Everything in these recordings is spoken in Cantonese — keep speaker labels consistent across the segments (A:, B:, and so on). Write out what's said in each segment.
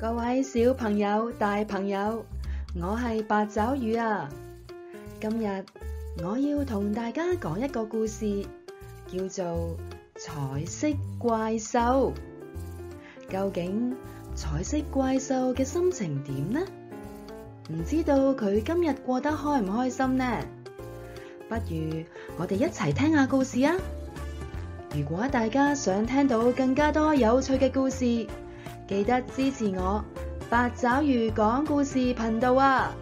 A: 各位小朋友、大朋友，我係八爪魚啊！今日我要同大家講一個故事，叫做《彩色怪獸》。究竟彩色怪獸嘅心情點呢？唔知道佢今日過得開唔開心呢？不如我哋一齊聽下故事啊！如果大家想聽到更加多有趣嘅故事，記得支持我八爪魚講故事頻道啊！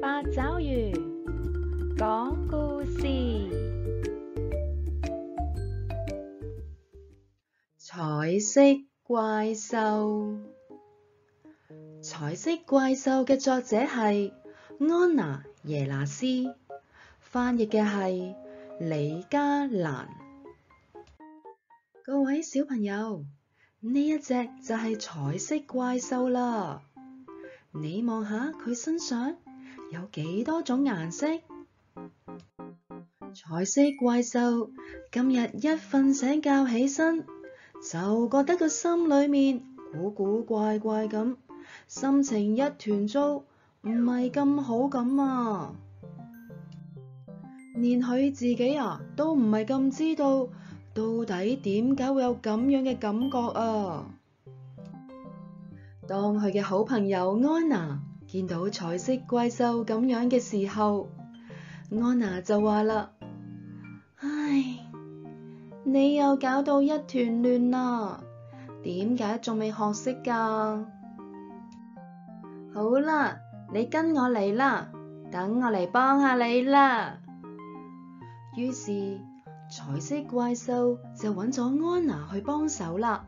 A: 八爪魚講故事，彩色怪獸。彩色怪獸嘅作者係安娜耶拿斯，翻譯嘅係。李家蘭，各位小朋友，呢一隻就係彩色怪獸啦。你望下佢身上有幾多種顏色？彩色怪獸今日一瞓醒覺起身，就覺得個心裏面古古怪怪咁，心情一團糟，唔係咁好咁啊。連佢自己啊都唔係咁知道，到底點解會有咁樣嘅感覺啊？當佢嘅好朋友安娜見到彩色怪獸咁樣嘅時候，安娜就話啦：唉，你又搞到一團亂啦，點解仲未學識㗎？好啦，你跟我嚟啦，等我嚟幫下你啦。於是彩色怪獸就揾咗安娜去幫手啦。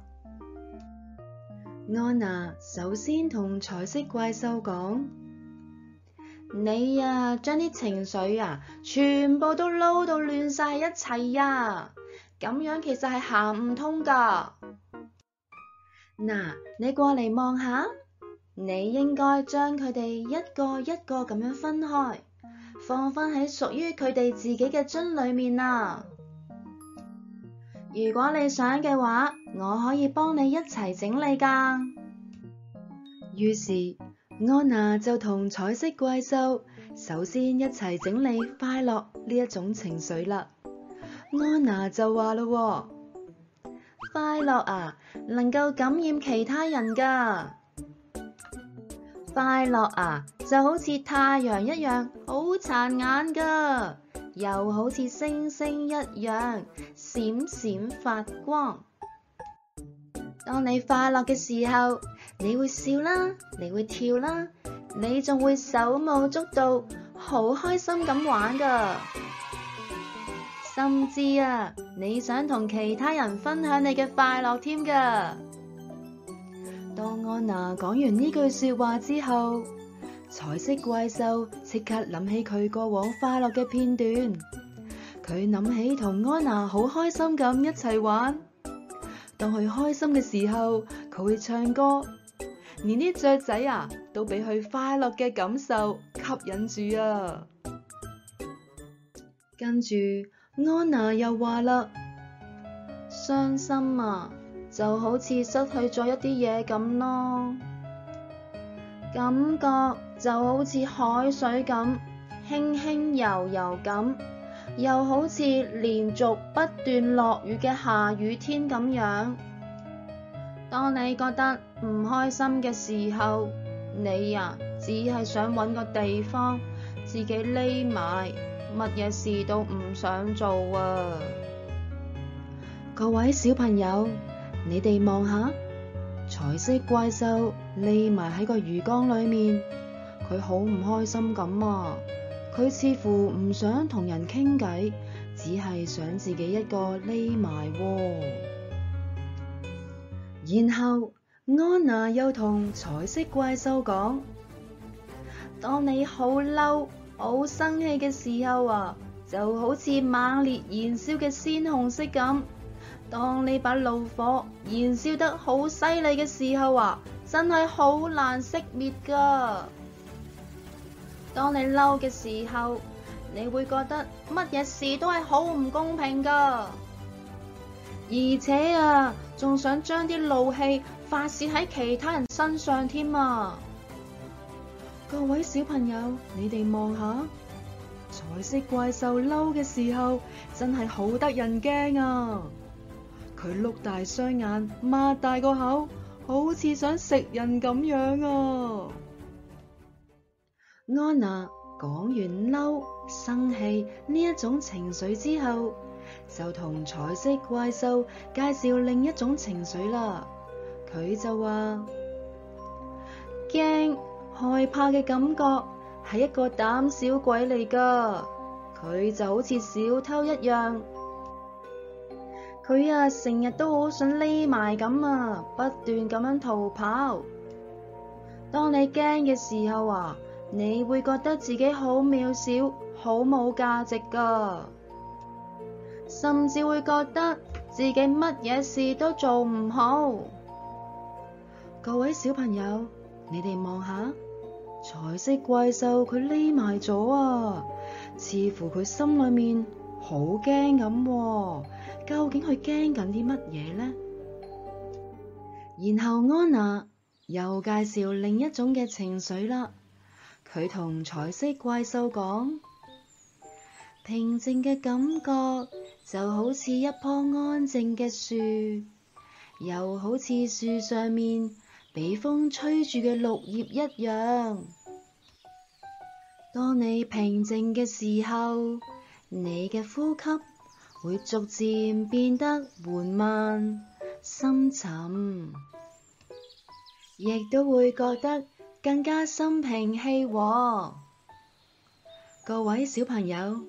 A: 安娜首先同彩色怪獸講：嗯、你呀將啲情緒啊全部都撈到亂晒一齊呀，啊，咁樣其實係行唔通㗎。嗱、嗯，你過嚟望下，你應該將佢哋一個一個咁樣分開。放翻喺屬於佢哋自己嘅樽裏面啦。如果你想嘅話，我可以幫你一齊整理噶。於是安娜就同彩色怪獸首先一齊整理快樂呢一種情緒啦。安娜就話咯：快樂啊，能夠感染其他人噶。快樂啊，就好似太陽一樣，好殘眼噶，又好似星星一樣，閃閃發光。當你快樂嘅時候，你會笑啦，你會跳啦，你仲會手舞足蹈，好開心咁玩噶。甚至啊，你想同其他人分享你嘅快樂添噶。當安娜講完呢句說話之後，彩色怪獸即刻諗起佢過往快樂嘅片段。佢諗起同安娜好開心咁一齊玩。當佢開心嘅時候，佢會唱歌，連啲雀仔啊都俾佢快樂嘅感受吸引住啊。跟住，安娜又話啦：「傷心啊！」就好似失去咗一啲嘢咁咯，感覺就好似海水咁輕輕柔柔咁，又好似連續不斷落雨嘅下雨天咁樣。當你覺得唔開心嘅時候，你呀、啊、只係想搵個地方自己匿埋，乜嘢事都唔想做啊！各位小朋友。你哋望下彩色怪獸匿埋喺個魚缸裏面，佢好唔開心咁啊！佢似乎唔想同人傾偈，只係想自己一個匿埋。然後安娜又同彩色怪獸講：當你好嬲、好生氣嘅時候啊，就好似猛烈燃燒嘅鮮紅色咁。當你把怒火燃燒得好犀利嘅時候啊，真係好難熄滅㗎。當你嬲嘅時候，你會覺得乜嘢事都係好唔公平㗎，而且啊，仲想將啲怒氣發洩喺其他人身上添啊！各位小朋友，你哋望下彩色怪獸嬲嘅時候，真係好得人驚啊！佢碌大雙眼，擘大個口，好似想食人咁樣啊！安娜講完嬲、生氣呢一種情緒之後，就同彩色怪獸介紹另一種情緒啦。佢就話驚、害怕嘅感覺係一個膽小鬼嚟㗎，佢就好似小偷一樣。佢啊，成日都好想匿埋咁啊，不斷咁樣逃跑。當你驚嘅時候啊，你會覺得自己好渺小，好冇價值噶，甚至會覺得自己乜嘢事都做唔好。各位小朋友，你哋望下，彩色怪獸佢匿埋咗啊，似乎佢心裏面好驚咁。究竟佢驚緊啲乜嘢呢？然後安娜又介紹另一種嘅情緒啦。佢同彩色怪獸講：平靜嘅感覺就好似一棵安靜嘅樹，又好似樹上面被風吹住嘅綠葉一樣。當你平靜嘅時候，你嘅呼吸。會逐漸變得緩慢、深沉，亦都會覺得更加心平氣和。各位小朋友，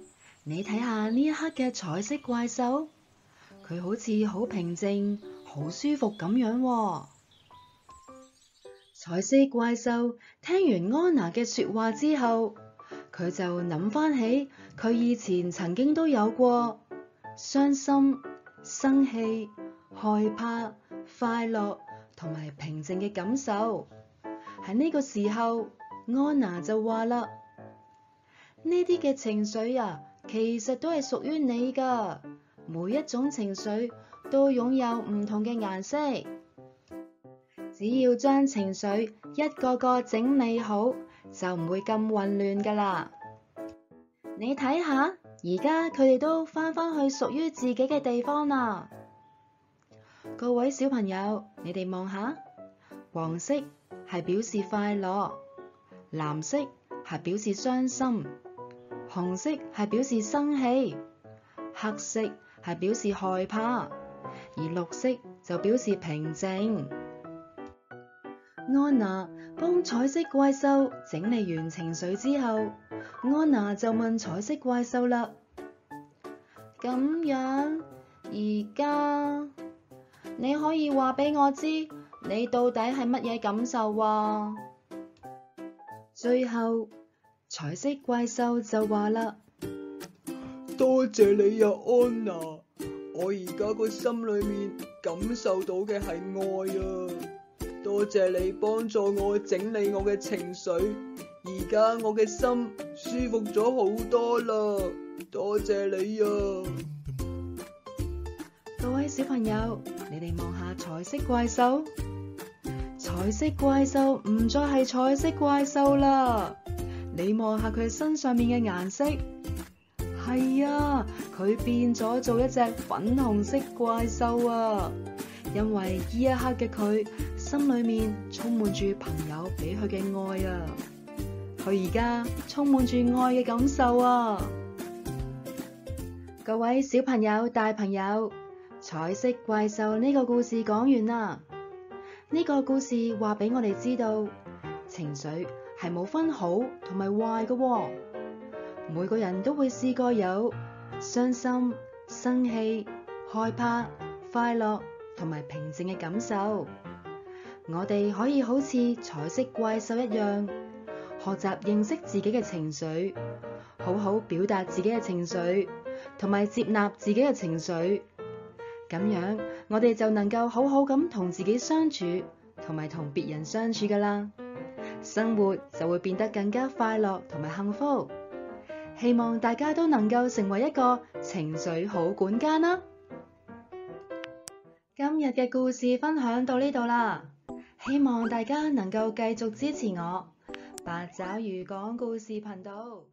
A: 你睇下呢一刻嘅彩色怪獸，佢好似好平靜、好舒服咁樣。彩色怪獸聽完安娜嘅說話之後，佢就諗翻起佢以前曾經都有過，傷心、生氣、害怕、快樂同埋平靜嘅感受，喺呢個時候，安娜就話啦：呢啲嘅情緒啊，其實都係屬於你噶，每一種情緒都擁有唔同嘅顏色。只要將情緒一個個整理好，就唔會咁混亂噶啦。你睇下。而家佢哋都返返去屬於自己嘅地方啦。各位小朋友，你哋望下，黃色係表示快樂，藍色係表示傷心，紅色係表示生氣，黑色係表示害怕，而綠色就表示平靜。安娜幫彩色怪獸整理完情緒之後。安娜就問彩色怪獸啦，咁樣而家你可以話俾我知，你到底係乜嘢感受啊？最後彩色怪獸就話啦：多謝你啊，安娜，我而家個心裏面感受到嘅係愛啊！多謝你幫助我整理我嘅情緒，而家我嘅心。舒服咗好多啦，多謝你啊！各位小朋友，你哋望下彩色怪獸，彩色怪獸唔再係彩色怪獸啦。你望下佢身上面嘅顏色，係啊，佢變咗做一隻粉紅色怪獸啊！因為呢一刻嘅佢心裏面充滿住朋友俾佢嘅愛啊！佢而家充滿住愛嘅感受啊！各位小朋友、大朋友，彩色怪獸呢個故事講完啦。呢個故事話俾我哋知道，情緒係冇分好同埋壞嘅喎。每個人都會試過有傷心、生氣、害怕、快樂同埋平靜嘅感受。我哋可以好似彩色怪獸一樣。學習認識自己嘅情緒，好好表達自己嘅情緒，同埋接納自己嘅情緒，咁樣我哋就能夠好好咁同自己相處，同埋同別人相處噶啦，生活就會變得更加快樂同埋幸福。希望大家都能夠成為一個情緒好管家啦！今日嘅故事分享到呢度啦，希望大家能夠繼續支持我，八爪魚講故事頻道。